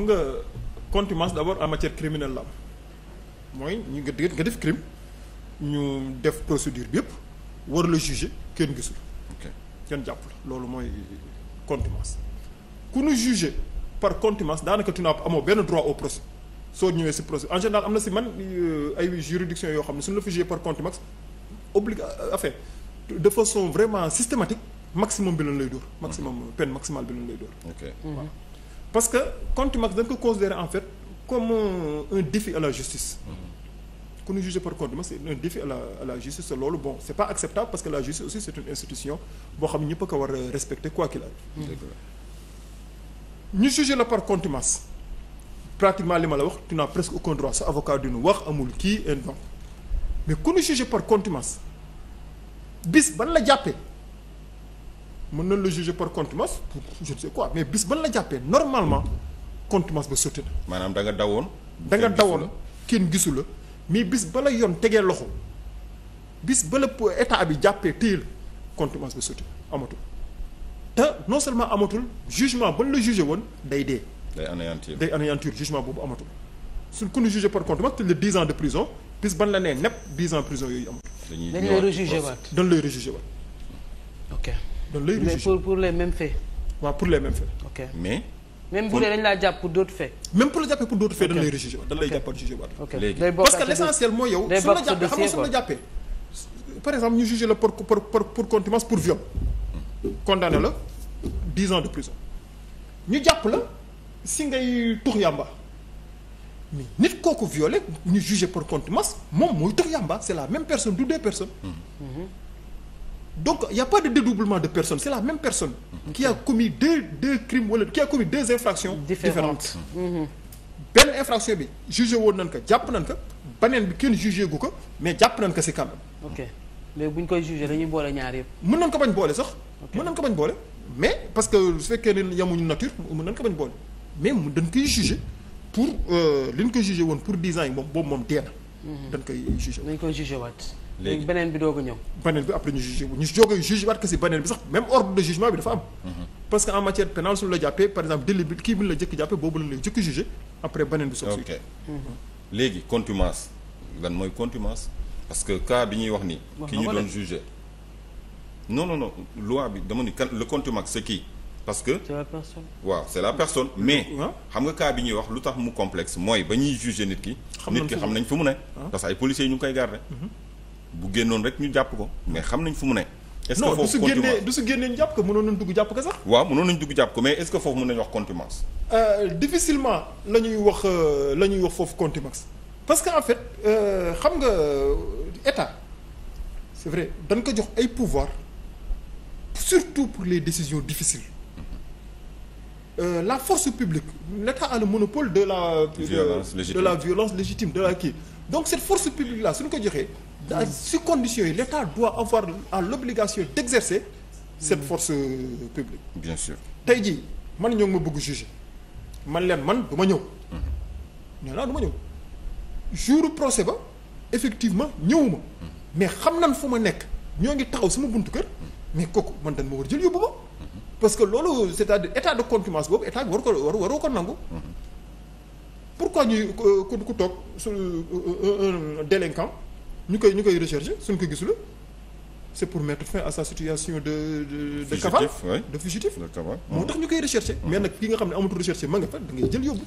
xam nga contumace d'abord en matière criminelle la mooy ñu nga nga def crime ñu def procédure bi yëpp war la juger kenn gisul kenn jàpp la loolu mooy contumace ku nu juger par contumace daanaka tu amoo benn droit au procès soo ñëwee si procès en général am na si man euh, ay juridiction yoo xam ne suñu la fi jugé par contumace obligé à euh, fait son façon vraiment systématique maximum bi lañ lay dóor maximum peine maximale bi lañ lay dóor mm-hmm. parce que compte max dañ ko considérer en fait comme un, un défi à la justice mm-hmm. par compte max c'est un défi à la à la justice te loolu bon c'est pas acceptable parce que la justice aussi c'est une institution boo xam ñëpp a ko war a respecter quoi qu'il arrive mm-hmm. ñu juger la par compte pratiquement li ma la wax tu presque aucun droit sa avocat dinu wax amul kii et donc mais ku ñu juger par compte bis ban la jàppee mën nañ la juger par contumace pour je ne sais quoi mais bis ban la jàppee normalement contumace ba sotti na. maanaam da nga dawoon. da nga dawoon kenn gisu la mais bis bala yoon tegee loxo bis bala état bi jàppee téye la contumace ba sotti amatul te non seulement amatul jugement ban la jugé woon day dee. day anéantir day anéantir jugement boobu amatul suñ ku ñu jugé par contumace te le 10 ans de prison bis ban la nee nepp 10 ans prison yooyu amatul. dañuy donc lay réjugé pour pour pour les mêmes faits. ok mais. même bu dee laa jàpp pour d'autres faits. même pour la jàppee pour d'autres faits parce que l'essentiel mooy yow. day bokk sa dossier su ma jàppee par exemple ñu jugé la pour pour pour contumace pour viol. condamné la dix ans de prison ñu jàpp la si ngay tux yàmba mais nit kooku violé ñu jugé pour contumace moom mooy tux yàmba c'est la même personne du deux personnes. Mm-hmm. donc il a pas de dédoublement de personne c'est la même personne okay. qui a commis deux deux crimes wala qui a commis deux infractions différentes mhm. benn infraction bi jugé woon nañ ko jàpp nañ ko beneen bi kenn jugé gu ko mais jàpp nañ ko si quand même ok léegi bu ñu koy jugé dañuy boole ñaar yëpp mën nañ ko bañ boole sax mën nañ ko bañ boole mais parce que su fekkee ne yamuñu nature mën nañ ko bañ boole mais dañ koy jugé pour euh, li ñu ko jugé woon pour dix ans yi moom boobu moom dee na mhm. koy jugé dañ koy jugé waat léegi beneen bi doog a ñëw. beneen bi après ñu juge waat que si beneen bi sax même ordre de jugement bi dafa am. Mhm. parce que en matière pénale suñu la jàppee par exemple délit bi kii bi la jëkk jàppee boobu la lay jëkk jugé après beneen bi. soog ok mhm. léegi contumace lan mooy contumace parce que cas bi ñuy wax ni. ki ñu doon jugé. non non non loi bi dama ni kan le contumace c'est qui parce que. c'est la personne. waaw la personne mais. Ah. xam nga cas bi ñuy wax lu tax mu complexe mooy ba ñuy jugé nit ki. nit ki xam nañ fi mu ne. Ah. parce que ay policiers ñu koy garder. Mhm. bu génnoon rek ñu jàpp ko mais xam nañ fu mu ne. est ce que foofu non du su génnee du ñu jàpp ko mënoon nañ dugg jàpp ko sax. waaw mënoon nañ dugg jàpp ko mais est ce que foofu mën nañu wax contumace. Euh, difficilement la ñuy wax euh, la ñuy wax foofu contumace parce que en fait euh, xam nga état c' est vrai dañ ko jox ay pouvoir surtout pour les décisions difficiles. Euh, la force publique l'État a le monopole de la. violence de, de la violence légitime de la kii donc cette force publique là su ñu ko joxee. dans euh, ces conditions yi l'État doit avoir à l'obligation d'exercer cette mm. force euh, publique. bien tey jii man ñoo ngi ma bëgg juger man leen man du ma ñëw. nee mm-hmm. naa du ma ñëw jour procès ba effectivement ñëwuma mm-hmm. mais xam nan fu ma nekk ñoo ngi taxaw sama buntu kër mm-hmm. mais kooku man dañ ma war jël yóbbu ma. parce que loolu c'est-à-dire état de contumace boobu état waru ko war waroo ko nangu. pourquoi ñuy ku ku toog euh, un délinquant ñu koy ñu koy recherche suñ ko gisul c'est pour mettre fin à sa situation de de de cavale de fugitif moo tax ñu koy recherche mais nag ki nga xam ne amatul recherche ma nga fa da ngay jël yóbbu